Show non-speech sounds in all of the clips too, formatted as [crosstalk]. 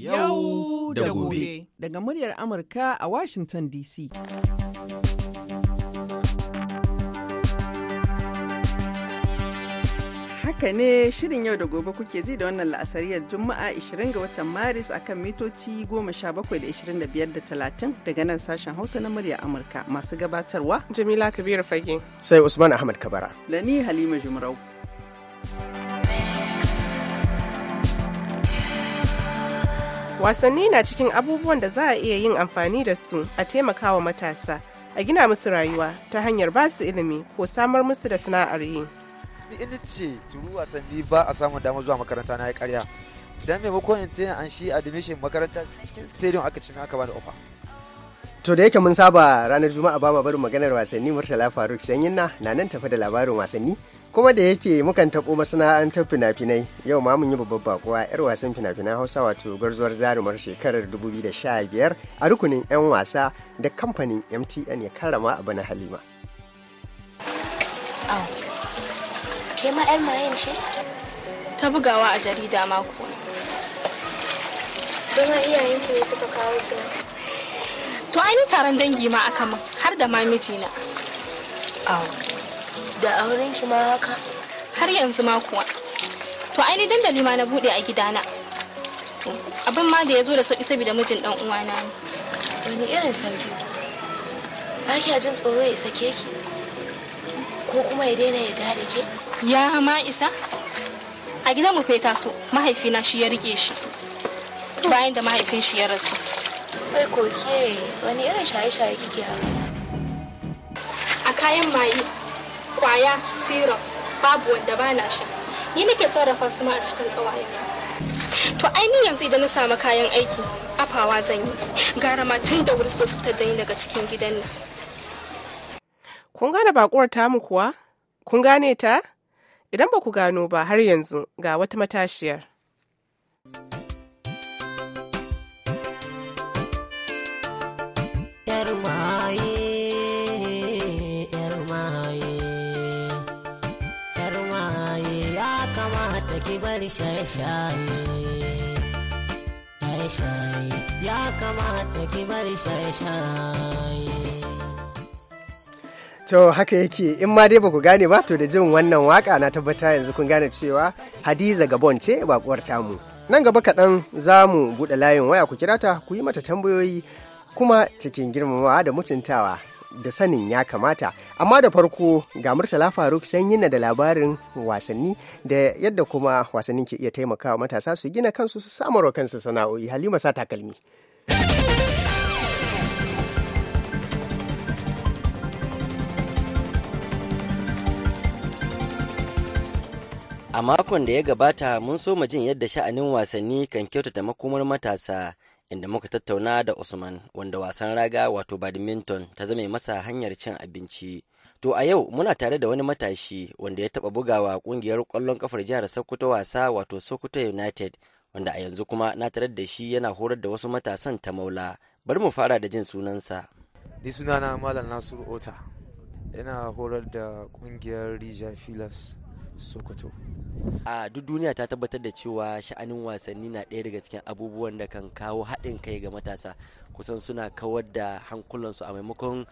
yau da gobe daga muryar amurka a washington dc haka ne shirin yau da gobe kuke ji da wannan la'asariyar juma'a 20 ga watan maris akan mitoci 17 da 25 da 30 daga nan sashen hausa na murya amurka masu gabatarwa jamila kabiru fage sai usman ahmad kabara da ni halima jumrau Wasanni na cikin abubuwan da za a iya yin amfani da su a taimakawa matasa, a gina musu rayuwa ta hanyar ba su ilimi ko samar musu da sana'ar yi. Ni ina ce turu wasanni ba a samun damar zuwa makaranta na ya karya. Dan maimakon in tana an shi admission makaranta cikin stadium aka cimi aka da ofa. To da yake mun saba ranar Juma'a ba ma barin maganar wasanni Murtala Faruk Sanyin na nan tafe da labarin wasanni kuma da yake mukan taɓo masana'antar fina-finai yau ma mun yi babbar bakuwa 'yar wasan fina-finan hausa wato garzuwar zarumar shekarar 2015 a rukunin 'yan wasa da kamfanin mtn ya karama a bana halima ke ma 'yar mayan ce ta bugawa a jarida mako iyayen ne suka kawo to an yi taron dangi ma aka min har da ma mijina. da auren shi ma haka har yanzu ma kuwa to ni dandali ma na bude a gidana abin ma da ya zo da sauki saboda mijin dan uwana ne wani irin sauki ba ki jin tsoro ya sake ki ko kuma ya daina yarda da ke ya ma isa a gidan mu feta so mahaifina shi ya rike shi bayan da mahaifin shi ya rasu kai koke wani irin shaye-shaye kike haka a kayan maye kwaya syrup babu wanda ba na sha ni nake sarrafa su ma a cikin ƙawaye to ainihin yanzu idan na samu kayan aiki afawa zan yi gara ma tun da wuri so su dani daga cikin gidan nan kun gane bakuwar tamu kuwa kun gane ta idan ba ku gano ba har yanzu ga wata matashiyar ya kamata to haka yake in ma dai baku gane ba to da jin wannan waka na tabbata yanzu kun gane cewa hadiza gabon ce bakuwar tamu nan gaba kaɗan za mu buɗe layin waya ku kirata ku yi mata tambayoyi kuma cikin girmamawa da mutuntawa da sanin ya kamata amma da farko ga murtala faruk sanyi da labarin wasanni da yadda kuma wasannin ke iya taimakawa matasa su gina kansu su samarwa kansu sana'o'i halima sa takalmi a makon da ya gabata mun so mu jin yadda sha'anin wasanni kan kyautata makomar matasa inda muka tattauna da Usman wanda wasan raga wato badminton ta zame masa hanyar cin abinci. To a yau muna tare da wani matashi wanda ya taɓa bugawa ƙungiyar ƙwallon kafar jihar Sokoto wasa wato Sokoto United wanda a yanzu kuma na tarar da shi yana horar da wasu matasan ta maula. Bari mu fara da jin sunansa. Ni sunana Malam Nasiru Ota. Yana horar da ƙungiyar Rija Filas Sokoto. A duk duniya ta tabbatar da cewa sha'anin wasanni na ɗaya daga cikin abubuwan da kan kawo haɗin kai ga matasa kusan suna kawar da hankulansu a maimakon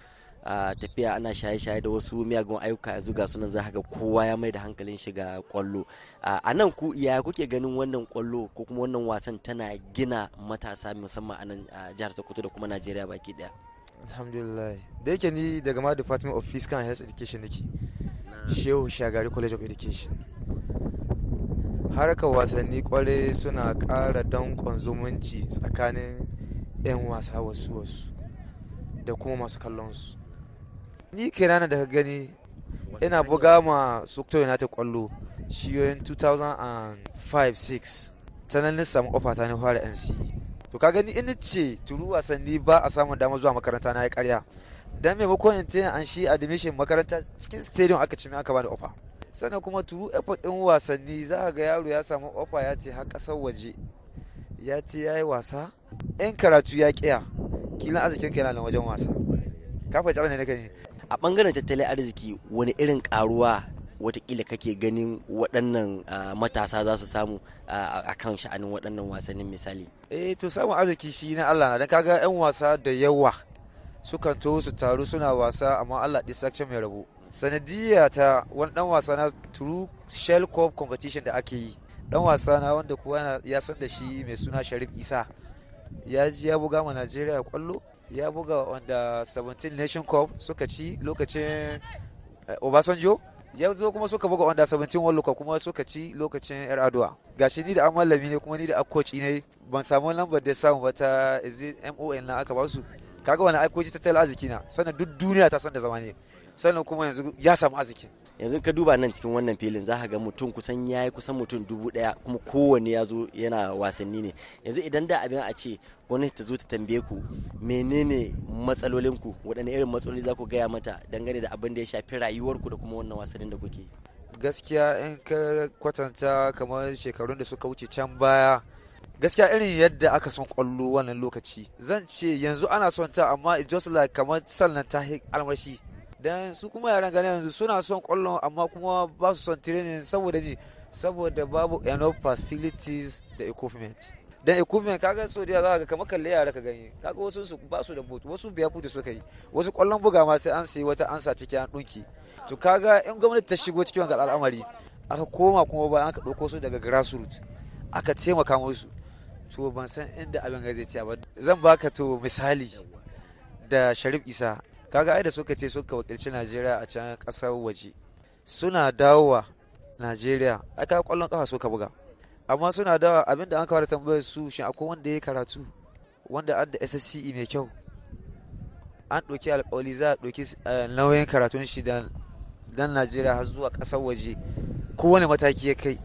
tafiya ana shaye-shaye da wasu miyagun ayyuka yanzu ga sunan za ga kowa ya mai da hankalin shiga kwallo a nan ku ya kuke ganin wannan kwallo ko kuma wannan wasan tana gina matasa musamman a nan jihar sokoto da kuma najeriya baki daya alhamdulillah da yake ni daga ma department of physical and health education nake shehu shagari college of education harkar wasanni kwarai suna ƙara danƙon zumunci tsakanin 'yan wasa wasu wasu da kuma masu su. ni kirana daga gani ina buga ma sukto united kwallo shiyoyin 2005-6 ta nan na samu ofa ta fara nce to ka gani ina ce turu wasanni ba a samun damar zuwa makaranta na ya karya dan maimakon in tana an shi admission makaranta cikin stadium aka ci aka bani ofa sannan kuma turu effort din wasanni za ga yaro ya samu ofa ya ce har kasar waje ya ce ya yi wasa yan karatu ya kiya kilan arzikin kai na wajen wasa ka fahimci abin da nake ne a bangaren tattalin arziki wani irin karuwa watakila kake ganin waɗannan matasa za su samu a kan sha'anin waɗannan wasannin misali eh to samun arziki shi na Allah na dan kaga yan wasa da yawa sukan to su taru suna wasa amma Allah ɗi sakcin mai rabu sanadiyya ta wani dan wasa na true shell cup competition da ake yi dan wasa na wanda kuwa ya san da shi mai suna Sharif Isa ya ji ya buga ma Najeriya kwallo ya buga wanda 17 Nation Cup suka ci lokacin eh, Obasanjo ya zo kuma suka buga wanda 17 World Cup kuma suka ci lokacin yar Ga gashi ni da an mallami ne kuma ni da akwaci ne ban samu lambar da samu ba ta MON na aka ba su kaga wani aiko ta tattalin arziki na sannan duk duniya ta san da zama ne sannan kuma yanzu ya samu arziki yanzu ka duba nan cikin wannan filin za ka ga mutum kusan ya yi kusan mutum dubu daya kuma kowanne ya zo yana wasanni ne yanzu idan da abin a ce gwamnati ta zo ta tambaye ku menene matsalolinku waɗanne irin matsaloli za ku gaya mata dangane da abin da ya shafi rayuwarku da kuma wannan wasannin da kuke gaskiya in ka kwatanta kamar shekarun da suka wuce can baya gaskiya irin yadda aka son kwallo wannan lokaci zan ce yanzu ana son ta amma it just like kamar sannan ta almashi dan su kuma yaran gane yanzu suna son kwallon amma kuma ba su son training saboda ne saboda babu enough facilities da equipment dan equipment kaga so da za ka kamar kalle yara ka gani kaga wasu su ba su da boot wasu biya futa suka yi wasu kwallon buga ma sai an sayi wata ansa ciki an dunki to kaga in gwamnati ta shigo cikin wannan al'amari aka koma kuma bayan aka dauko su daga grassroots aka taimaka musu to ban san inda abin ga zai tsaya ba zan baka to misali da Sharif Isa kaga ai da suka ce suka wakilci Najeriya a can kasar waje suna dawowa Najeriya ai ka kwallon kafa suka buga amma suna dawowa abinda an kawo tambayar su shin akwai wanda ya karatu wanda adda SSCE mai kyau an ɗauki alƙawali za a ɗauki eh, nauyin karatun shi da dan Najeriya har zuwa ƙasar waje kowane mataki ya kai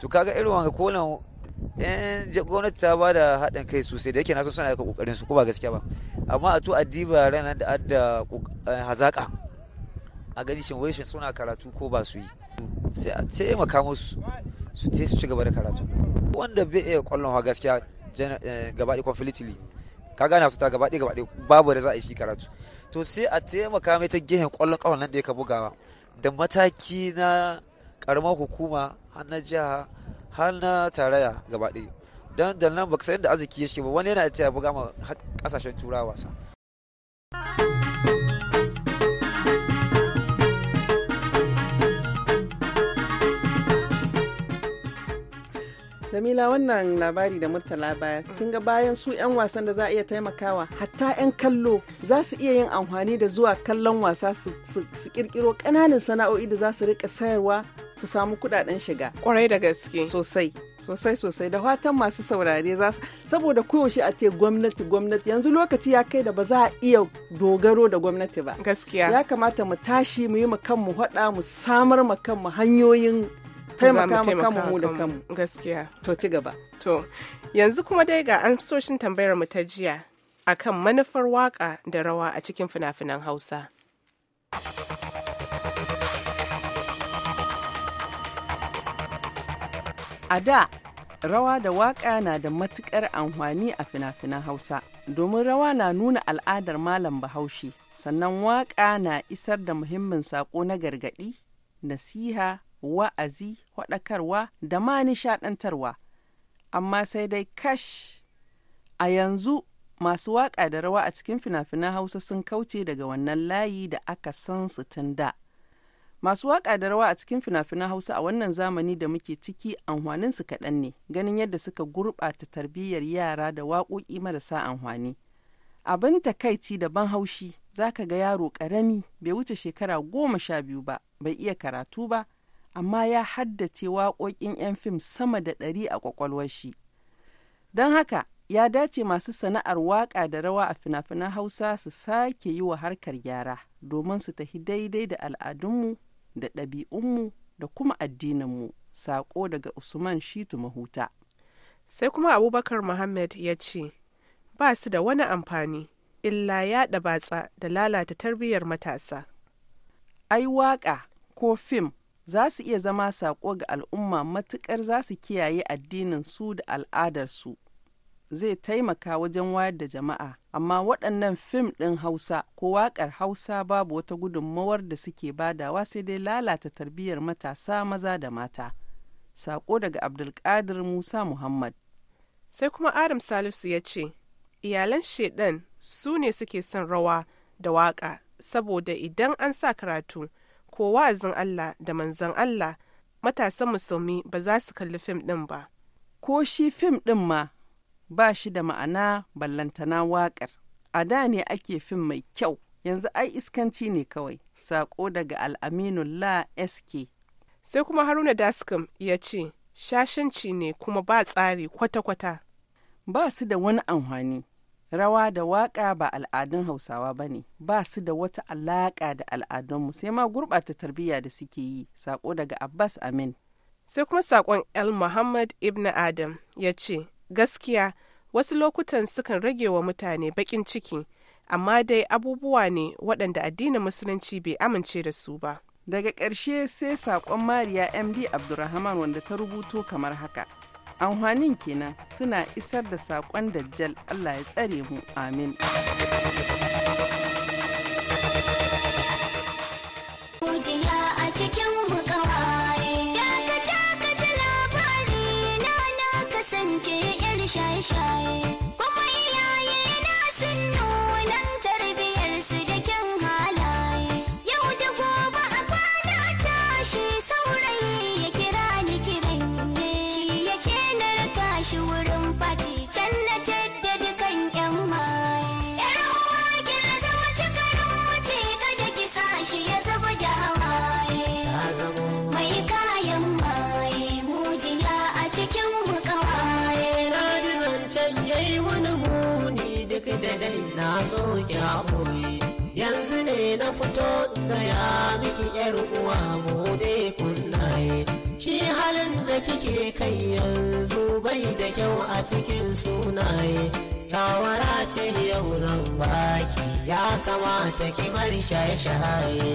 to kaga irin wanga kowane Eh, gwamnati ta ba da haɗin kai sosai da yake na suna da kokarin su ko ba gaskiya ba amma a to diba ranar da adda eh, hazaka a gani shin wai shin suna karatu ko ba su yi sai a taimaka musu su te su ci gaba da karatu wanda bai iya kwallon wa gaskiya eh, gabaɗe completely ka gane su ta gaba gabaɗe babu da za a yi shi karatu to sai a taimaka mai ta gehen kwallon kawon nan da ya ka bugawa da mataki na karamar hukuma har na jiha har na taraya gaba ɗaya don da nan baka san da arziki ya ba wani yana cewa buga ma kasashen turawa wasa Jamila wannan labari da Murtala baya kin ga bayan su 'yan wasan da za a iya taimakawa hatta 'yan kallo za su iya yin amfani da zuwa kallon wasa su kirkiro kananan sana'o'i da za su rika sayarwa su samu kudaden shiga kwarai da gaske sosai sosai sosai da fatan masu saurare za su saboda koyaushe a ce gwamnati gwamnati yanzu lokaci ya kai da ba za a iya dogaro da gwamnati ba gaskiya ya kamata mu tashi mu yi mu kanmu hada mu samar mu kanmu hanyoyin taimaka mu kanmu mu da kanmu gaskiya to ci gaba to yanzu kuma dai ga amsoshin tambayar mu ta jiya akan manufar waka da rawa a cikin fina-finan Hausa. A da rawa da waƙa na da matuƙar amfani a fina-finan Hausa, domin rawa na nuna al'adar Malam Bahaushe, sannan waƙa na isar da muhimmin saƙo na gargaɗi, nasiha, wa'azi, waɗakarwa, da ma nishaɗantarwa. Amma sai dai kash a yanzu masu waƙa da rawa a cikin fina-finan Hausa sun kauce daga wannan layi da aka san su tun da. Masu waƙa da rawa a cikin fina-finan Hausa a wannan zamani da muke ciki amfaninsu kaɗan ne, ganin yadda suka gurɓata tarbiyyar yara da waƙoƙi marasa amfani. Abin takaici da ban haushi za ka ga yaro ƙarami bai wuce shekara goma sha biyu ba, bai iya karatu ba, amma ya haddace waƙoƙin 'yan fim sama da ɗari a ƙwaƙwalwar shi. Don haka, ya dace masu sana'ar waƙa da rawa a fina-finan Hausa su sake yi wa harkar gyara domin su tafi daidai da al'adunmu da ɗabi'unmu da kuma addininmu. Saƙo daga Usman Shitu Mahuta. Sai kuma Abubakar Muhammad ya ce, ba su da wani amfani, illa yaɗa batsa da lalata tarbiyyar matasa. Ai waƙa ko fim za su iya zama saƙo ga al'umma matuƙar za su kiyaye addinin su da al'adarsu zai taimaka wajen wayar da jama'a amma waɗannan fim ɗin hausa ko waƙar hausa babu wata gudunmawar da suke badawa sai dai lalata tarbiyyar matasa maza da mata Saƙo daga abdulkadir musa muhammad sai kuma adam salisu ya ce iyalan shaidan su ne suke son rawa da waƙa saboda idan an sa karatu ko wa'azin allah da manzon allah matasan musulmi ba za su kalli fim ɗin ba ko shi fim ɗin ma ba shi da ma'ana ballantana waƙar. A da ne ake fin mai kyau, yanzu ai iskanci ne kawai, saƙo daga al'aminullah SK. Sai kuma Haruna Daskom ya ce, shashanci ne kuma ba tsari kwata-kwata. Ba su da wani amfani. Rawa da waƙa ba al'adun Hausawa ba ne, ba su da wata alaƙa da al'adunmu sai ma gurɓata tarbiyya da suke yi, saƙo daga Abbas Amin. Sai kuma saƙon El Muhammad Ibn Adam ya ce, Gaskiya, wasu lokutan sukan rage wa mutane baƙin ciki, amma dai abubuwa ne waɗanda addinin musulunci bai amince da su ba. Daga ƙarshe sai saƙon Mariya MD Abdulrahman wanda ta rubuto kamar haka. Amfanin kenan suna isar da saƙon Dajjal Allah ya tsare mu amin. a cikin shaye-shaye ne na fito gaya miki yar uwa bude kunnaye shi halin da kike kai yanzu bai da kyau a cikin sunaye shawara ce yau zan baki ya kamata ki bar shaye-shaye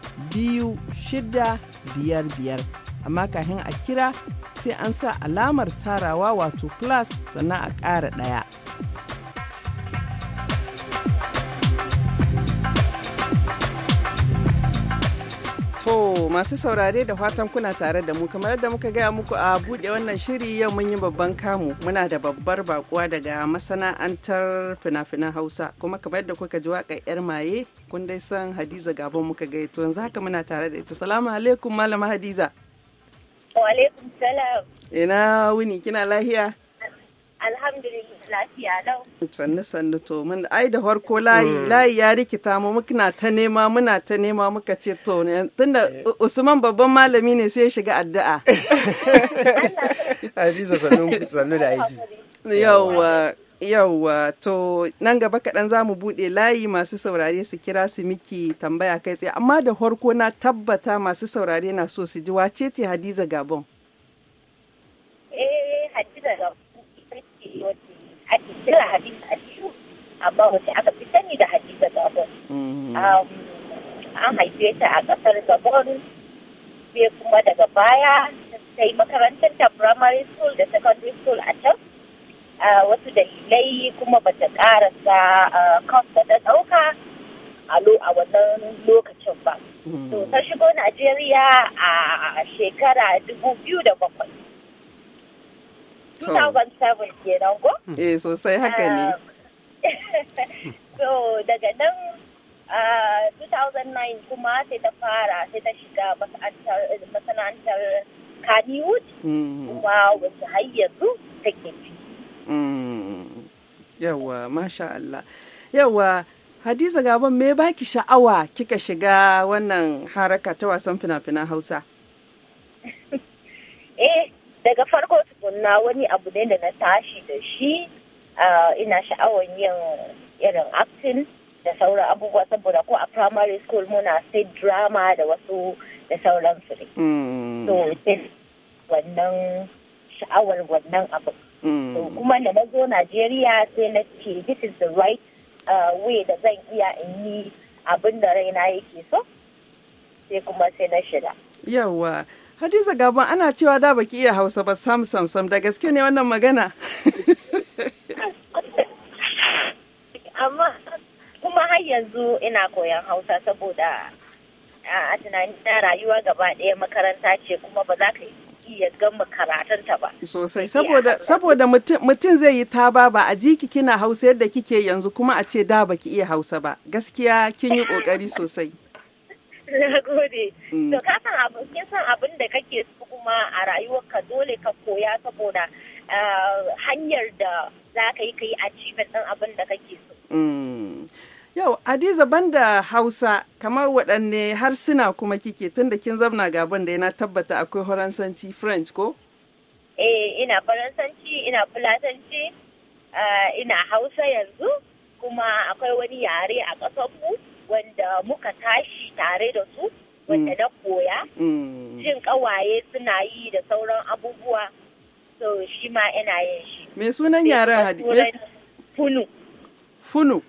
biyu shida biyar biyar amma kafin a kira sai an sa alamar tarawa wato plus sannan a ƙara ɗaya. To masu saurare da fatan kuna tare da mu kamar da muka gaya muku a buɗe wannan shiri yau mun yi babban kamu muna da babbar bakuwa daga masana'antar fina-finan Hausa kuma kamar da kuka ji waka 'yar maye kun dai san Hadiza gaba muka to yanzu haka muna tare da ita. Salamu alaikum Malama Hadiza. Wa alaikum salam. Ina wuni kina lahiya? Alhamdulillah. lafiya lau. Sannu sannu to mun ai da farko layi mm. layi ya rikita mu muna ta nema muna ta nema muka ce to tunda eh. Usman babban malami ne sai ya shiga addu'a. [laughs] Ajiza sannu da aiki. Yawwa. yauwa to nan gaba kaɗan za mu buɗe layi masu saurare su kira su miki tambaya kai tsaye amma da farko na tabbata masu saurare na so su ji wace ce hadiza gabon eh hadiza gabon ake kira hadisa a amma wace aka fi sani da hadisa gabon um, mhm. an haife ta a ƙasar gabon sai kuma daga baya ta yi makarantar ta primary school da secondary school a can uh, wasu dalilai kuma ba ta karasa kwas uh, da ta ɗauka a wannan lokacin ba. Mhm. to ta shigo Najeriya a shekara dubu biyu da bakwai. 2007 kenan ko? Hmm. Eh sosai haka ne. Um, [laughs] so daga nan 2009 uh, kuma sai ta fara sai ta shiga masana'antar Kaniwood hmm. kuma wasu har yanzu take ci. Hmm. Yawa, masha Allah. Yawa, Hadiza Gaban, me baki sha'awa kika shiga wannan haraka ta wasan fina-finan Hausa? [laughs] daga farko tukunna wani abu ne da na tashi da shi ina sha'awar yin irin acting da sauran abubuwa saboda ko a primary school muna sai drama da wasu da sauran su ne mm. so wannan sha'awar wannan abu mm. kuma da na zo najeriya sai na ce this is the right way da zan iya in yi abin da raina yake so sai kuma sai na shiga yawa yeah, Hadiza gaban ana cewa da baki iya Hausa ba sam sam sam da gaske ne wannan magana. Amma kuma har yanzu ina koyan Hausa saboda a tunani na rayuwa gaba ɗaya makaranta ce kuma ba za ka iya gama karatunta ba. Sosai saboda mutum zai yi taba ba a jiki kina Hausa yadda kike yanzu kuma a ce da baki iya Hausa ba gaskiya kin yi ƙoƙari sosai. [laughs] Na gode. Mm. To ka san abokin san abin da kake so kuma a rayuwarka dole ka koya saboda eh, hanyar da za ka yi ka yi achievement ɗin abin da kake so. Mm. Yau, Adiza banda Hausa, kamar waɗanne harsuna kuma kike tun da kin zamna gaban da yana tabbata akwai Faransanci French ko? Eh, ina Faransanci, ina Fulatanci, eh, ina Hausa yanzu, kuma akwai wani yare a ƙasarmu. wanda muka tashi tare da su wanda mm. na koya mm. jin kawaye suna yi da sauran abubuwa so shi ma ina yin shi me sunan yaran hadi funu funu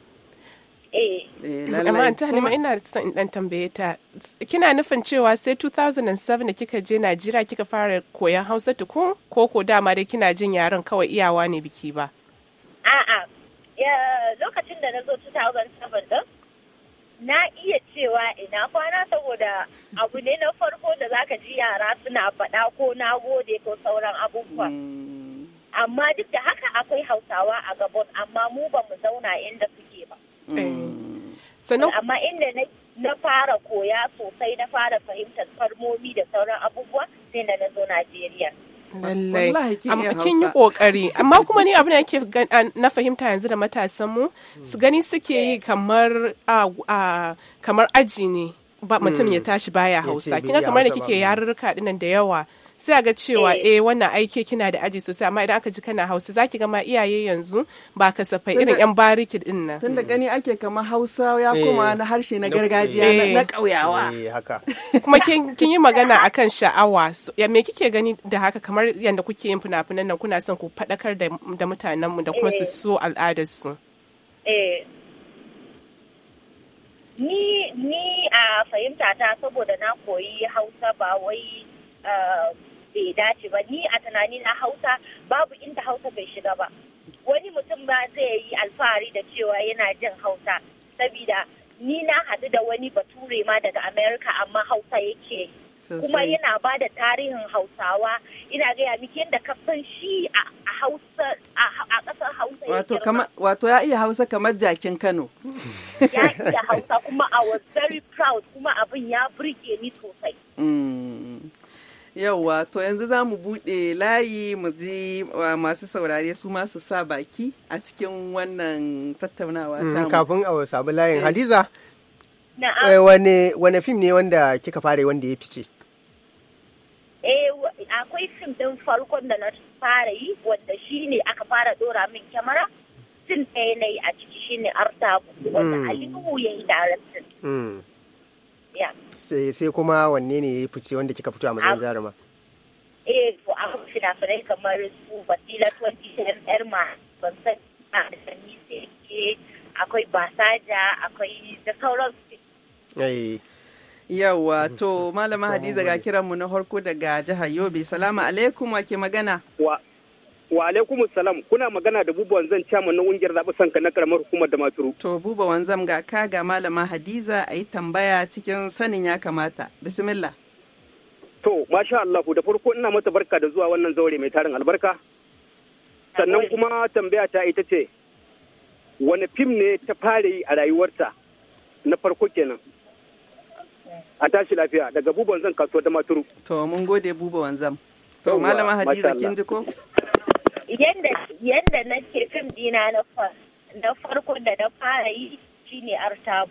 eh, eh amma ta halima ina da in dan tambaye ta kina nufin cewa sai 2007 da kika je Najeriya kika fara koyan Hausa tukun ko ko dama dai kina jin yaren kawai iyawa ne biki ba a'a lokacin da na zo 2007 din na iya cewa ina kwana saboda abu ne na farko da zaka ji yara suna faɗa ko na gode ko sauran abubuwa. Mm. Amma duk da haka akwai hausawa a gabon amma mu ba mu zauna inda suke ba. Mm. Eh. Amma inda na fara koya sosai na fara fahimtar farmomi da sauran abubuwa sai na zo Najeriya. lallai amma kin yi kokari amma kuma ni abin da yake na fahimta yanzu da matasan mu su gani suke yi kamar aji ne ba mutum ya mm. tashi baya hausa kina kamar da kike yarurruka dinan da yawa sai a ga cewa eh, eh wannan aiki kina da aji sosai amma idan aka ji kana hausa zaki ga ma iyaye yanzu ba kasafai irin yan bariki din nan tun da gani ake kama hausa ya eh. koma na harshe na gargajiya eh. na kauyawa [laughs] kuma kin yi magana akan sha'awa me kike gani da haka kamar yadda kuke yin fina-finan nan kuna son ku faɗakar da mutanenmu da kuma su so al'adarsu ni ni a fahimta ta saboda na koyi hausa ba wai bai dace ba ni a tunani na hausa babu inda hausa bai shiga ba wani mutum ba zai yi alfahari da cewa yana jin hausa saboda ni na haɗu da wani bature ma daga america amma hausa yake kuma yana ba da tarihin hausawa ina gaya miki yadda kafin shi a hausa a ƙasar hausa wato wato ya iya hausa kamar jakin kano [laughs] ya iya hausa kuma i was very proud kuma abin ya burge ni sosai mm. Yauwa, to yanzu za mu buɗe layi mu ji masu saurare su masu sa baki a cikin wannan tattaunawa mm, ta Kafin a samu layin eh. Hadiza. Eh, wane fim ne wanda kika fara wanda ya fice? Eh, akwai fim din farkon da na fara yi wanda shi ne aka fara dora min kyamara. Fim ɗaya na yi a ciki shi ne Artabu wanda mm. Ali ya yi da sai kuma wanne ne ya fice wanda kika fito a matsayin jaruma eh to a fina-finai kamar su basila 20 yar ma ban san ba da sani sai akwai basaja akwai da sauran su eh. yawwa mm-hmm. to malama hadiza ga kiranmu na harko daga jihar yobe salamu alaikum wa ke magana wa Wa alaikum salam kuna magana da Buba Wanzam chairman na ungiyar zaɓi sanka na karamar hukumar da maturu. To Buba Wanzam ga ka ga malama Hadiza a yi tambaya cikin sanin ya kamata. Bismillah. To masha Allah da farko ina mata barka da zuwa wannan zaure mai tarin albarka. Sannan kuma tambaya ta ita ce wani fim ne ta fara yi a rayuwarta na farko kenan. A tashi lafiya daga Buba Wanzam kasuwar da maturu. To mun gode Buba Wanzam. To malama Hadiza kin ko? yadda na ke fim dina na farko da na fara yi shine artabu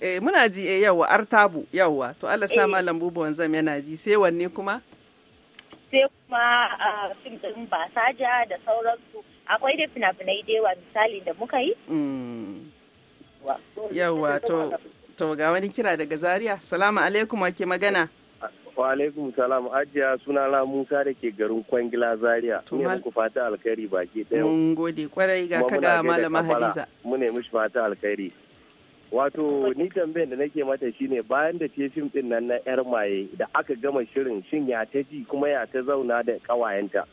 eh muna ji eh yawa artabu yawa to Allah sa eh. malam bubu wanzam yana ji sai wanne kuma sai kuma fim din basaja da sauransu akwai da fina-finai da yawa misali da muka yi mm. yawa to to ga wani kira daga zaria salamu alaikum wake magana Wa alaikum salam ajiya suna la Musa da ke garin Kwangila Zaria. Ne muku fata alkhairi baki ɗaya. Mun gode kwarai ga ka ga malama Hadiza. Mu ne mishi fata alkhairi. Wato ni tambayan da nake mata shine bayan da ce fim din nan na yar maye da aka gama shirin shin ya ta ji kuma ya ta zauna da kawayenta.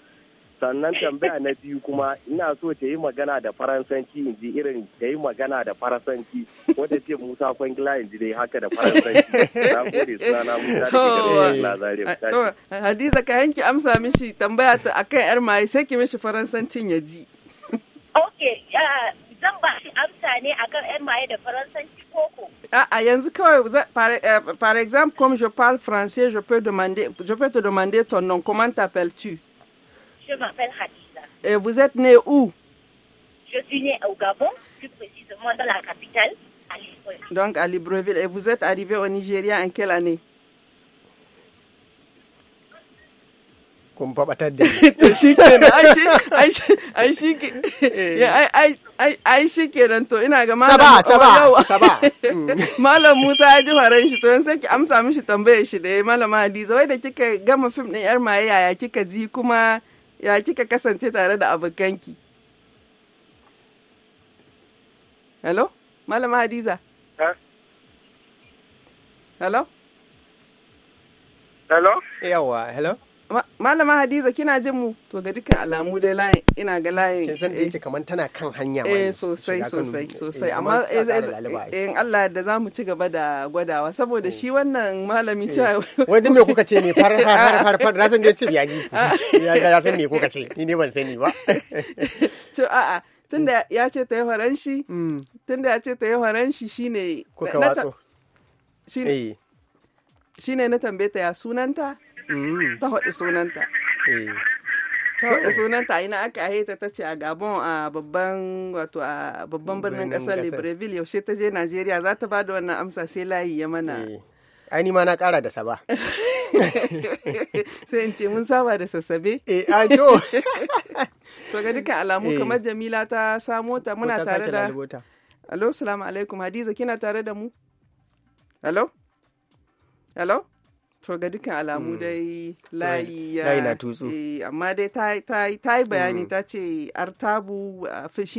sannan tambaya na biyu kuma ina so ta yi magana da faransanci in ji irin ta yi magana da faransanci wadda ce musa kwangila in ji dai haka da faransanci na gode suna na hadiza ka yanki amsa mishi tambaya ta akan yar mai sai ki mishi faransancin ya ji ok zan ba shi amsa ne akan yar maye da faransanci koko yanzu kawai eh, par exemple comme je parle français je peux demander je peux te demander ton nom comment t'appelles-tu Je m'appelle Hadiza. Et vous êtes né où Je suis né au Gabon, plus précisément dans la capitale, à Libreville. Donc à Libreville. Et vous êtes arrivé au Nigeria en quelle année kenan to ina ga malam saba saba malam Musa ya to aïe, sai ki amsa mishi tambayar shi da malama Hadiza wai da kika gama aïe, yar maye yaya kika ji kuma ya kika kasance tare da abokanki hello malama hadiza hello hello yawa hello malama hadiza kina jin mu to ga dukkan alamu dai layin ina ga layin kin san da eh. yake kaman tana kan hanya ma eh sosai sosai eh, sosai amma eh, in Allah da za mu ci gaba da gwadawa saboda shi wannan malami ta wai me kuka ce ne [laughs] far far far far na san da ce ah. [laughs] ya ji ya ya san me kuka ce ni ne ban sani ba [laughs] to a tunda ya ce ta yi faranshi mm. tunda ya ce ta yi faranshi shine kuka watso shine shine na tambaye ta ya sunanta Mm. ta faɗi sunanta eh. ta faɗi sunanta ina aka yi ta ce a gabon a babban wato a babban birnin ƙasar libreville yaushe ta je najeriya za ta ba da wannan amsa sai layi ya mana eh. ai ma na kara da saba [laughs] sai in ce mun saba da sassabe eh a to [laughs] to ga dukkan alamu eh. kamar jamila ta samo ta muna tare da alo salamu alaikum hadiza kina tare da mu alo alo to ga dukkan alamu mm. dai layi na tutsu eh, amma dai ta yi bayani mm. ta ce artabu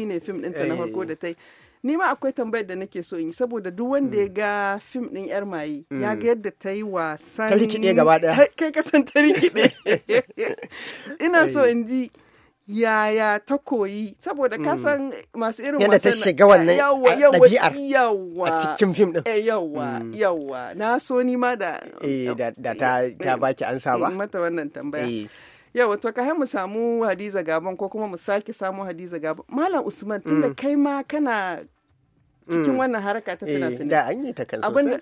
ne fim ɗinta na eh. farko da ta yi ni akwai tambayar da nake so in yi saboda duk wanda ya mm. ga fim ɗin yar maye ya ga yadda ta yi wasan kai kasan ta rikide [laughs] [laughs] ina so eh. in ji yaya ta koyi saboda hmm. san masu irin yadda ta shiga wannan ɗabi'ar a cikin fim ɗin eh, yawa hmm. yawa na so ni ma da eh, da ta eh, baki an saba mata wannan tambaya yawa to ka mu samu hadiza gaban ko kuma mu sake samu hadiza gaban malam usman tunda hmm. kai ma kana cikin mm. wannan haraka ta eh, fina-finai. Da an yi ta kan sosai.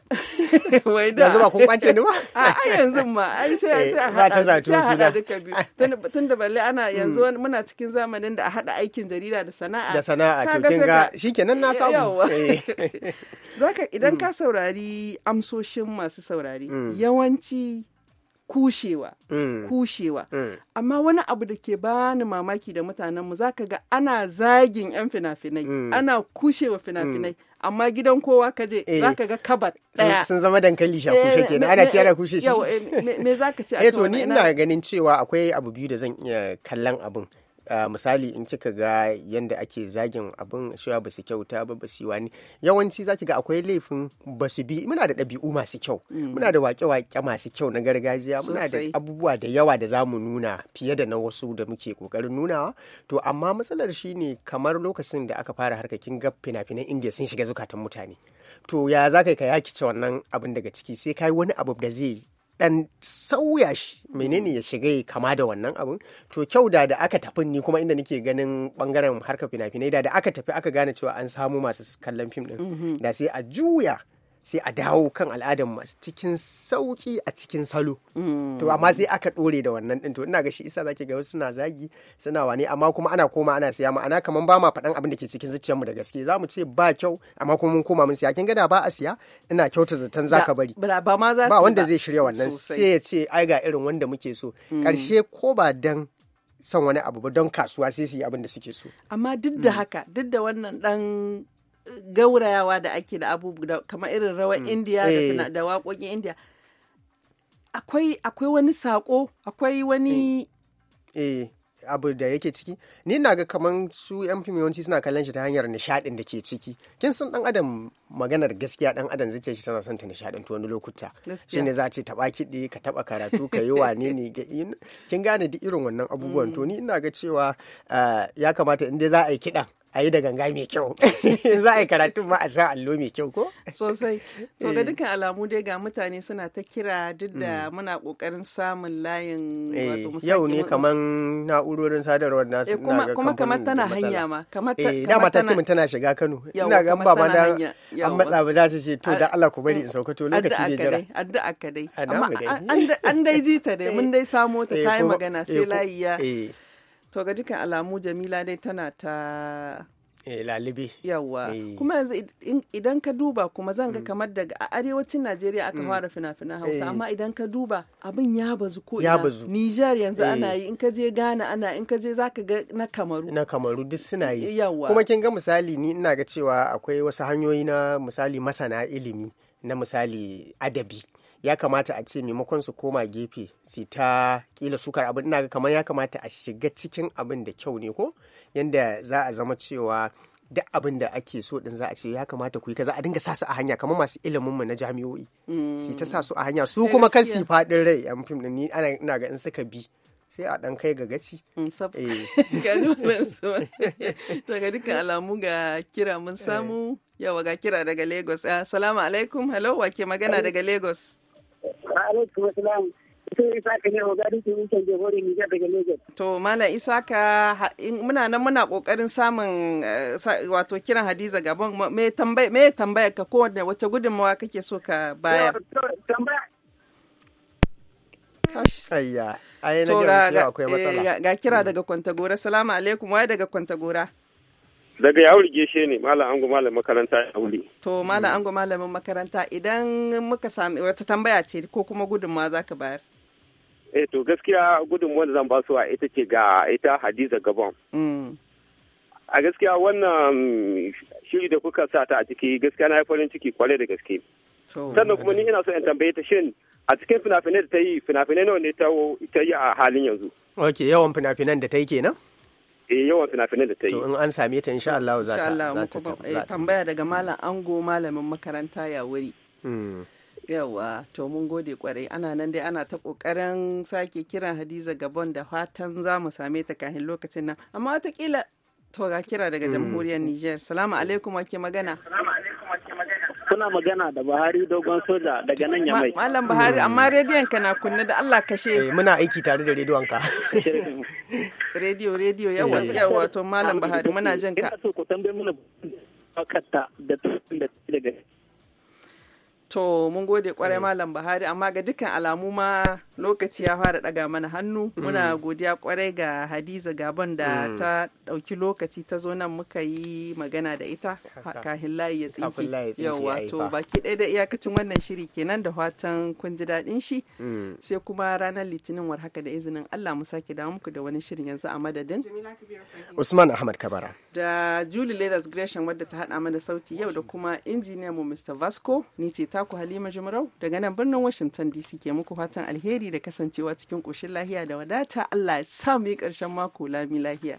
[laughs] Wai da. Yanzu ba kun kwance ni ba? [laughs] A yanzu ma ai sai eh, sai a haɗa sai a haɗa duka biyu. Tun da balle ana mm. yanzu muna cikin zamanin da a haɗa aikin jarida da sana'a. Da sana'a to kin ga kenan na samu. Eh. [laughs] Zaka idan mm. ka saurari amsoshin masu saurari yawanci kushewa mm. kushewa mm. amma wani abu da ke bani mamaki da mutanen mu zaka ga ana zagin yan fina-finai mm. ana kushewa fina-finai amma gidan kowa ka je eh. zaka ga kabar daya sun zama dankali sha kushe eh, kenan ana ce ana kushe shi eh, me zaka ce a to ni ina ganin cewa akwai abu biyu da zan iya kallon abun Uh, misali in kika ga yadda ake zagin abin cewa ba su kyauta ba ba su wani yawanci zaki ga akwai laifin ba su bi muna da ɗabi'u masu kyau mm. muna da wake-wake masu kyau na gargajiya muna da abubuwa da yawa da za mu nuna fiye da na wasu da muke kokarin nunawa to amma matsalar shine kamar lokacin da aka fara harkakin ga fina-finan india sun shiga zukatan mutane to ya za ka yaki ce wannan abin daga ciki sai kai wani abu da zai Ɗan sauya shi menene ya shiga kama da wannan abun to kyau da da aka tafi ni kuma inda nake ganin bangaren harkar fina-finai da da aka tafi aka gane cewa an samu masu kallon fim ɗin. Mm-hmm. da sai a juya sai a dawo kan al'adar masu cikin sauki a cikin salo to amma sai aka ɗore da wannan ɗin to ina ga shi isa zaki ga wasu suna zagi suna wane amma kuma ana koma ana siya ma'ana kamar ba ma faɗan abin da ke cikin zuciyar mu da gaske za mu ce ba kyau amma kuma mun koma mun siya kin gada ba a siya ina kyauta zaton zaka bari ba ma za ba wanda zai shirya wannan sai ya ce ai ga irin wanda muke so karshe hmm. ko ba dan son wani abu ba don kasuwa sai su yi abin da suke so. Amma duk da hmm. haka, duk da wannan dan gaurayawa da ake da abubuwa kamar irin rawar hmm. indiya eh. da waƙoƙin indiya akwai wani saƙo akwai wani eh. Eh, abu da yake ciki ni na ga kamar su yan fim yawanci suna kallon shi ta hanyar nishadin da ke ciki kin san dan adam maganar gaskiya dan adam zai shi tana son ta nishadin wani lokuta ne za ce taba kiɗi ka taba karatu ka yi wane ne kin gane duk irin wannan abubuwan to hmm. ni ina ga cewa ah, ya kamata in dai za a yi kiɗan a yi da ganga mai kyau [laughs] za a yi karatun ma a sa allo mai kyau ko sosai to da eh. dukkan alamu dai ga mutane suna ta kira duk da hmm. muna kokarin samun layin eh, yau ne kaman na'urorin sadarwar eh, na kuma kamar tana hanya ma dama ta ce min tana shiga Kano ina ga ba ma an matsa ba za ta ce to da Allah ku bari in sauka to lokaci ne jira addu'a ka dai an dai ji ta dai mun [laughs] dai samo ta ta yi magana sai layi ya to ga dukkan alamu jamila dai tana ta eh, lalibe yawa eh. kuma yanzu idan ka duba kuma zan ga mm. kamar daga a arewacin najeriya aka mm. fara fina-finan hausa eh. amma idan ka duba abin ya bazu ko ina nijar yanzu ana yi in ka je ghana ana in ka je zaka ga na kamaru na kamaru duk suna yi kuma kin ga misali ni ina ga cewa akwai wasu hanyoyi na misali masana ilimi na misali adabi ya kamata a ce maimakon su koma gefe su ta kila sukar abin ina ga kamar ya kamata a shiga cikin abin da kyau ne ko yanda za a zama cewa duk abin da ake so din za a ce ya kamata ku yi kaza a dinga sa su a hanya kamar masu ilimin mu na jami'o'i su ta sa su a hanya su mm. kuma kan su fadin rai yan fim din ni ana ina ga in suka bi sai a ɗan kai ga gaci. Mm, eh. [laughs] To ga dukkan alamu ga kira mun samu eh. yawa ga kira daga Lagos. Ah, salamu alaikum, hello, wake magana daga Lagos. alaikum assalam Isaka ne Ogari Turuken Jehori Nijar daga Lagos. To Mala Isaka muna nan muna kokarin samun eh, wato kiran Hadiza Gabon me tambaya me tambaya ka kowanne wanda wace gudunmawa kake so ka bayar. Ayya, ai na ga akwai matsala. Eh, ga kira daga Kwantagora. Salamu alaikum, waye daga Kwantagora? daga ya wurge shi ne malam ango malam makaranta ya wuri to malam ango malamin makaranta idan muka sami wata tambaya ce ko kuma gudunmawa za ka bayar eh to gaskiya gudunmawar da zan ba su a ita ce ga ita hadiza gabon mm. a gaskiya wannan shiri da kuka sa ta a ciki gaskiya na farin ciki kwarai da gaske sannan kuma ni ina so in tambaye ta shin a cikin fina-finai da ta yi fina-finai nawa ne ta yi a halin yanzu ok yawan fina-finan da ta yi kenan eh yawan fina-finan da ta yi. To an same ta insha Allah za eh, ta. tambaya daga malam ango malamin makaranta ya wuri. Hmm. Yawa to mun gode kwarai ana nan dai ana ta kokarin sake kiran Hadiza Gabon da fatan za mu same ta kafin lokacin nan amma watakila to ga kira daga hmm. jamhuriyar Niger. Salamu alaikum wake magana. Salamu Kuna magana da Buhari dogon soja daga nan ya mai. Malam Buhari hmm. amma rediyon ka na kunne da Allah kashe. Eh, muna aiki tare da rediyon ka. [laughs] Rediyo rediyo yawa eh. yawa to Malam Buhari muna jin ka. Ina so ku tambaye mana da daga To mun gode kwarai eh. Malam Buhari amma ga dukkan alamu ma lokaci ya fara daga mana hannu muna mm. godiya kwarai ga Hadiza Gaban da mm. ta dauki lokaci ta zo nan muka yi magana da ita kahin layi ya tsinki yawa to baki ɗaya da iyakacin wannan shiri kenan da fatan kun ji daɗin shi mm. sai kuma ranar litinin war haka da izinin Allah mu sake dawo muku da wani shirin yanzu a madadin Usman Ahmad Kabara da Julie Leathers Gresham wadda ta haɗa mana sauti yau da kuma injiniyan mu Mr Vasco ni ce ta ku Halima Jimarau daga nan birnin Washington DC ke muku fatan alheri da kasancewa cikin ƙoshin lahiya da wadata Allah ya sa mu yi ƙarshen mako lami lahiya.